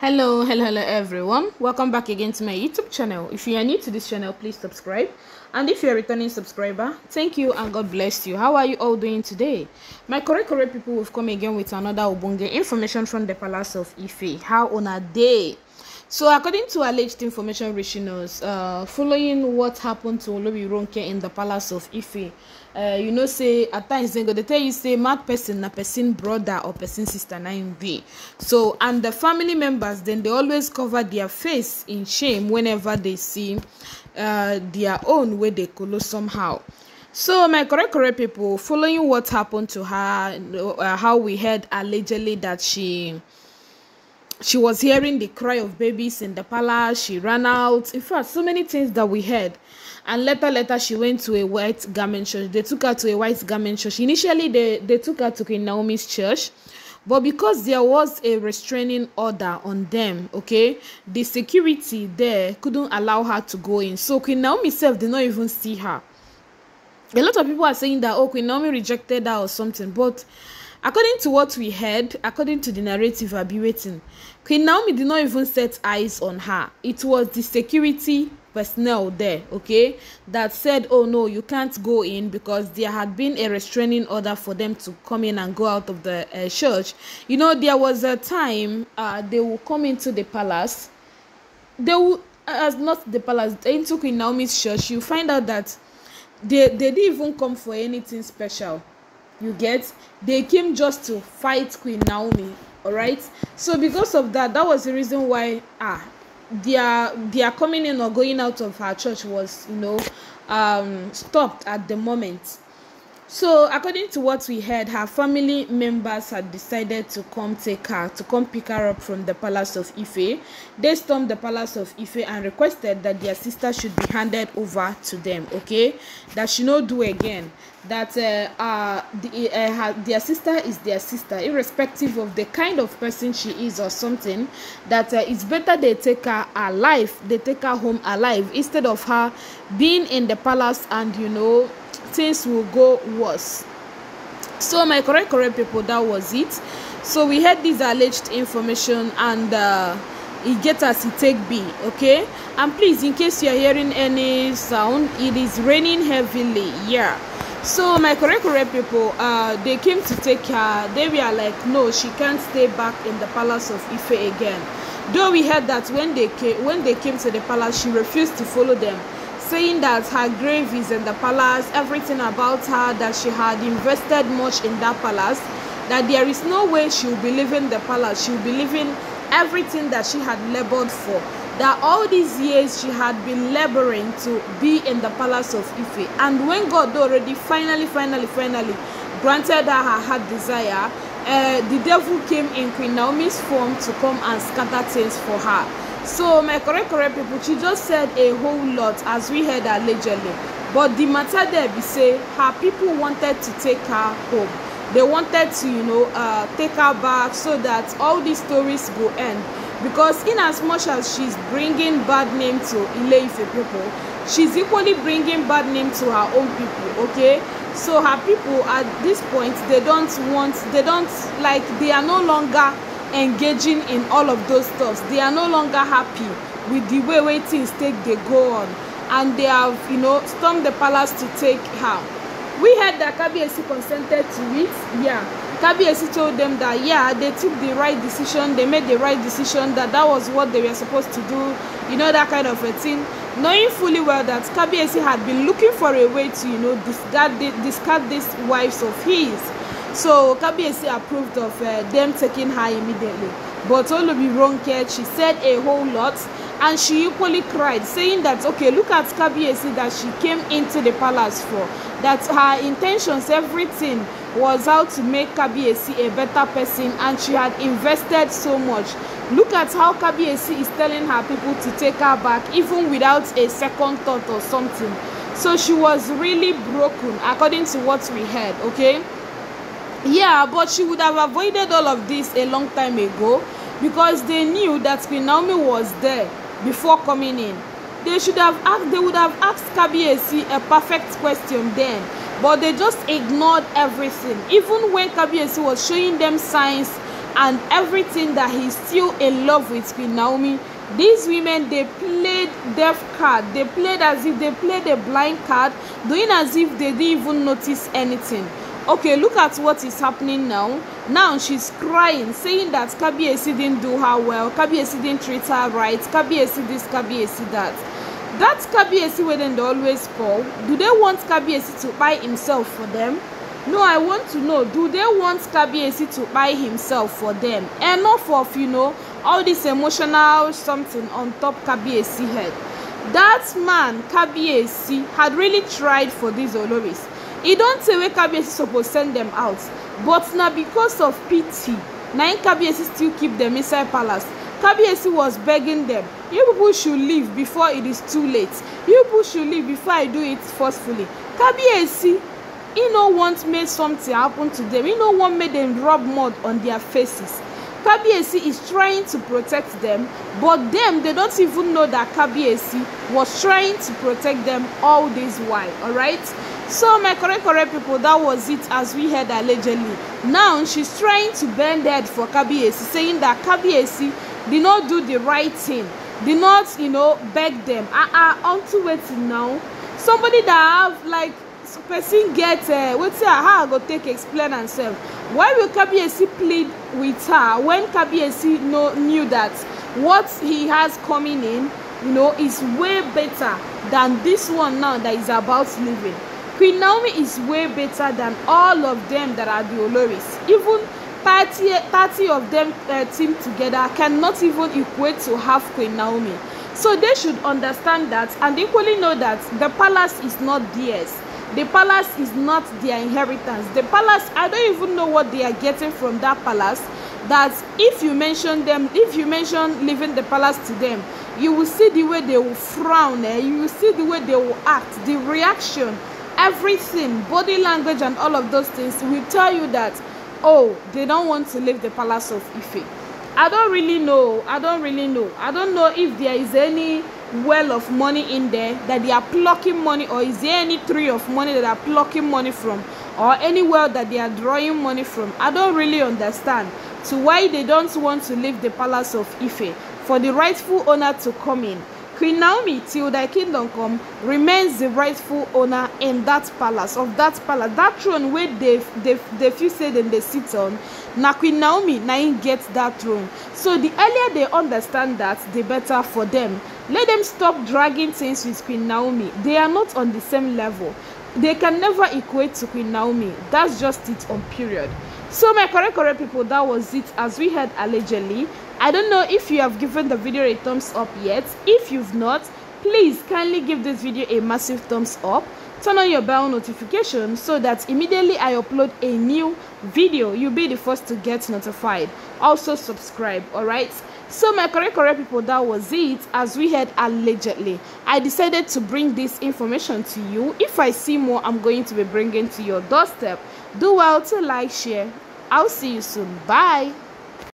hello hello hello everyone welcome back again to my youtube channel if you are new to this channel please subscribe and if you're a returning subscriber thank you and god bless you how are you all doing today my correct correct people will come again with another ubunge information from the palace of ife how on a day so, according to alleged information reaching us, uh, following what happened to Olobi Ronke in the palace of Ife, uh, you know, say at times they go they tell you say mad person, na person brother or person sister nine be. So, and the family members then they always cover their face in shame whenever they see uh, their own way they colo somehow. So, my correct, correct people, following what happened to her, uh, how we heard allegedly that she she was hearing the cry of babies in the palace she ran out in fact so many things that we heard and later later she went to a white garment church they took her to a white garment church initially they they took her to queen naomi's church but because there was a restraining order on them okay the security there couldn't allow her to go in so queen naomi herself did not even see her a lot of people are saying that oh queen naomi rejected her or something but According to what we heard, according to the narrative I'll be waiting, Queen Naomi did not even set eyes on her. It was the security personnel there, okay, that said, oh no, you can't go in because there had been a restraining order for them to come in and go out of the uh, church. You know, there was a time uh, they would come into the palace. They will, as uh, not the palace, into Queen Naomi's church. You find out that they, they didn't even come for anything special you get they came just to fight queen naomi all right so because of that that was the reason why ah their their coming in or going out of her church was you know um stopped at the moment So, according to what we heard, her family members had decided to come take her, to come pick her up from the palace of Ife. They stormed the palace of Ife and requested that their sister should be handed over to them, okay? That she not do again. That uh, uh, the, uh, her, their sister is their sister, irrespective of the kind of person she is or something. That uh, it's better they take her alive, they take her home alive, instead of her being in the palace and, you know, things will go worse so my correct correct people that was it so we had this alleged information and uh, it get as it take be okay and please in case you are hearing any sound it is raining heavily yeah so my correct correct people uh they came to take her they were like no she can't stay back in the palace of ife again though we heard that when they came when they came to the palace she refused to follow them saying that her grave is in the palace, everything about her, that she had invested much in that palace, that there is no way she will be leaving the palace, she will be leaving everything that she had labored for. That all these years she had been laboring to be in the palace of Ife. And when God already finally, finally, finally granted her her heart desire, uh, the devil came in Queen Naomi's form to come and scatter things for her. So my correct correct people, she just said a whole lot as we heard allegedly. But the matter there be say her people wanted to take her home. They wanted to, you know, uh, take her back so that all these stories go end. Because in as much as she's bringing bad name to ile people, she's equally bringing bad name to her own people, okay? So her people at this point, they don't want, they don't, like, they are no longer engaging in all of those stuffs they are no longer happy with the way wey things take dey go on and they have you know stormed the palace to take her we heard that kabiyesi consented to it yeah kabiyesi told them that yeah they took the right decision they made the right decision that that was what they were supposed to do you know that kind of a thing knowing fully well that kabiyesi had been looking for a way to you know discard, discard these wives of his So Kabiesi approved of uh, them taking her immediately. But Olubi Ronke, she said a whole lot and she equally cried, saying that, okay, look at Kabiesi that she came into the palace for, that her intentions, everything was how to make Kabiesi a better person and she had invested so much. Look at how Kabiesi is telling her people to take her back even without a second thought or something. So she was really broken according to what we heard, okay? Yeah, but she would have avoided all of this a long time ago because they knew that Queen Naomi was there before coming in. They should have asked, they would have asked Kabiesi a perfect question then, but they just ignored everything. Even when Kabiesi was showing them signs and everything that he's still in love with Queen Naomi, these women they played deaf card they played as if they played a blind card doing as if they didn't even notice anything okay look at what is happening now now she's crying saying that kabiyesi didn't do her well kabiyesi didn't treat her right kabiyesi this kabiyesi that that kabiyesi wey dem always call do they want kabiyesi to buy himself for them no i want to know do they want kabiyesi to buy himself for them enough of you know all this emotional something on top kabiyesi head that man kabiyesi had really tried for these oloris e don tey wey kabiyesi suppose send dem out but na because of pity na im kabiyesi still keep dem inside palace kabiyesi was begging dem you people should leave before it is too late you people should leave before i do it forcefully kabiyesi e no want make something happen to dem e no want make dem rub mud on their faces kabiyesi is trying to protect dem but dem they don't even know that kabiyesi was trying to protect dem all this while alright So my correct correct people, that was it as we heard allegedly. Now she's trying to bend head for Kabiyesi, saying that Kabiyesi did not do the right thing, did not, you know, beg them. Ah uh ah, -uh, waiting now. Somebody that have like person get uh, wetin her how i go take explain herself why will kabiyesi plead with her when kabiyesi no knew that what he has coming in you know is way better than this one now that is about leaving Queen Naomi is way better than all of them that are the Oloris. Even 30, 30 of them uh, teamed together cannot even equate to half Queen Naomi. So they should understand that and equally know that the palace is not theirs. The palace is not their inheritance. The palace, I don't even know what they are getting from that palace. That if you mention them, if you mention leaving the palace to them, you will see the way they will frown, eh? you will see the way they will act, the reaction everything body language and all of those things will tell you that oh they don't want to leave the palace of ife i don't really know i don't really know i don't know if there is any well of money in there that they are plucking money or is there any tree of money that are plucking money from or any well that they are drawing money from i don't really understand to why they don't want to leave the palace of ife for the rightful owner to come in Queen Naomi, till thy kingdom come, remains the rightful owner in that palace, of that palace. That throne where they, they, they feel say them they sit on, na Queen Naomi na im get that throne. So the earlier they understand that, the better for them. Let them stop dragging things with Queen Naomi. They are not on the same level. They can never equate to Queen Naomi. That's just it on period. So my correct correct people, that was it as we had allegedly. I don't know if you have given the video a thumbs up yet. If you've not, please kindly give this video a massive thumbs up. Turn on your bell notification so that immediately I upload a new video, you'll be the first to get notified. Also subscribe, alright? So my correct correct people, that was it as we had allegedly. I decided to bring this information to you. If I see more, I'm going to be bringing to your doorstep. Do well to like, share. I'll see you soon. Bye.